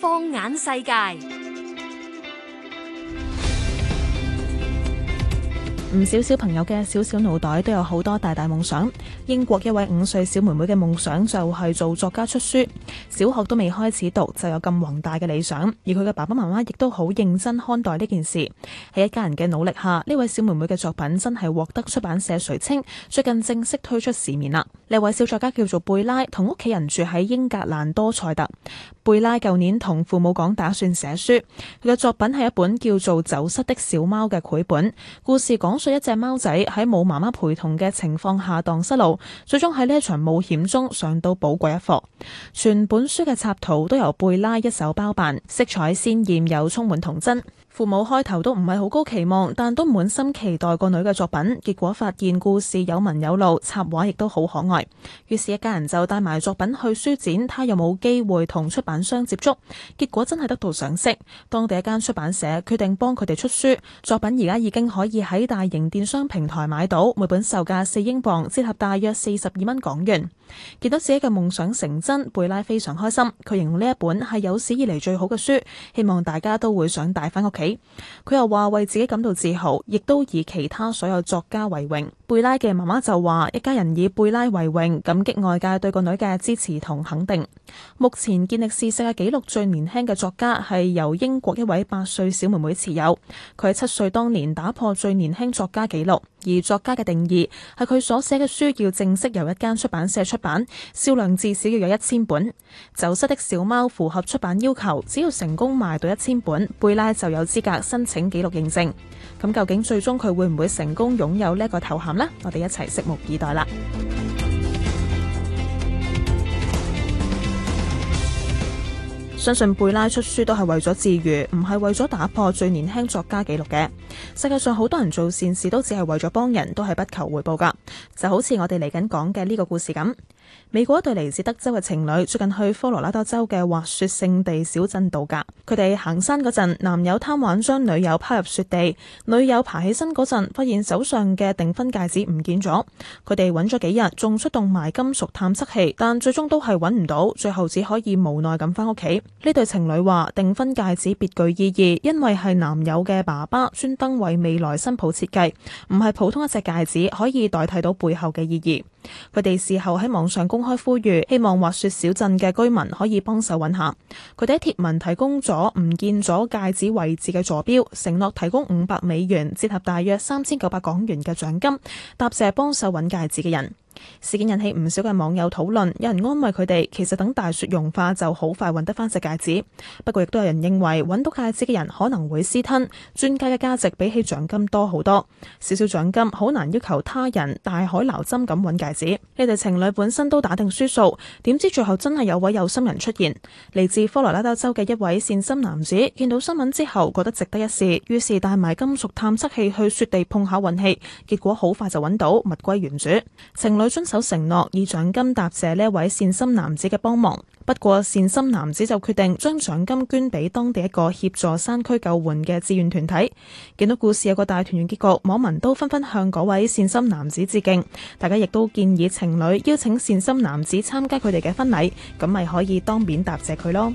放眼世界。唔少小朋友嘅小小腦袋都有好多大大夢想。英國一位五歲小妹妹嘅夢想就係做作家出書，小學都未開始讀就有咁宏大嘅理想。而佢嘅爸爸媽媽亦都好認真看待呢件事。喺一家人嘅努力下，呢位小妹妹嘅作品真係獲得出版社垂青，最近正式推出市面啦。呢位小作家叫做貝拉，同屋企人住喺英格蘭多塞特。貝拉舊年同父母講，打算寫書，佢嘅作品係一本叫做《走失的小貓》嘅繪本，故事講。 一隻貓仔喺冇媽媽陪同嘅情況下蕩失路，最終喺呢一場冒險中上到寶貴一課。全本書嘅插圖都由貝拉一手包辦，色彩鮮艷又充滿童真。父母開頭都唔係好高期望，但都滿心期待個女嘅作品。結果發現故事有紋有路，插畫亦都好可愛。於是一家人就帶埋作品去書展，睇有冇機會同出版商接觸，結果真係得到賞識。當地一間出版社決定幫佢哋出書。作品而家已經可以喺大型電商平台買到，每本售價四英鎊，折合大約四十二蚊港元。見到自己嘅夢想成真，貝拉非常開心。佢形容呢一本係有史以嚟最好嘅書，希望大家都會想帶翻屋企。佢又話為自己感到自豪，亦都以其他所有作家為榮。貝拉嘅媽媽就話，一家人以貝拉為榮，感激外界對個女嘅支持同肯定。目前健力士世界紀錄最年輕嘅作家係由英國一位八歲小妹妹持有，佢喺七歲當年打破最年輕作家紀錄。而作家嘅定義係佢所寫嘅書要正式由一間出版社出版，銷量至少要有一千本。走失的小貓符合出版要求，只要成功賣到一千本，貝拉就有資格申請紀錄認證。咁究竟最終佢會唔會成功擁有呢個頭銜呢？我哋一齊拭目以待啦。相信貝拉出書都係為咗自娛，唔係為咗打破最年輕作家記錄嘅。世界上好多人做善事都只係為咗幫人，都係不求回報噶。就好似我哋嚟緊講嘅呢個故事咁。美國一對嚟自德州嘅情侶最近去科羅拉多州嘅滑雪勝地小鎮度假。佢哋行山嗰陣，男友貪玩將女友拋入雪地。女友爬起身嗰陣，發現手上嘅訂婚戒指唔見咗。佢哋揾咗幾日，仲出動埋金屬探測器，但最終都係揾唔到，最後只可以無奈咁返屋企。呢對情侶話訂婚戒指別具意義，因為係男友嘅爸爸專登為未來新抱設計，唔係普通一隻戒指可以代替到背後嘅意義。佢哋事後喺網上公開呼籲，希望滑雪小鎮嘅居民可以幫手揾下。佢哋喺貼文提供咗唔見咗戒指位置嘅坐標，承諾提供五百美元，折合大約三千九百港元嘅獎金，答謝幫手揾戒指嘅人。事件引起唔少嘅網友討論，有人安慰佢哋，其實等大雪融化就好快揾得翻隻戒指。不過亦都有人認為，揾到戒指嘅人可能會私吞，專家嘅價值比起獎金多好多。少少獎金好難要求他人大海撈針咁揾戒指。呢對情侶本身都打定輸數，點知最後真係有位有心人出現。嚟自科羅拉多州嘅一位善心男子，見到新聞之後覺得值得一試，於是帶埋金屬探測器去雪地碰下運氣，結果好快就揾到物歸原主。情侶，再遵守承諾，以獎金答謝呢位善心男子嘅幫忙。不過善心男子就決定將獎金捐俾當地一個協助山區救援嘅志願團體。見到故事有個大團圓結局，網民都紛紛向嗰位善心男子致敬。大家亦都建議情侶邀請善心男子參加佢哋嘅婚禮，咁咪可以當面答謝佢咯。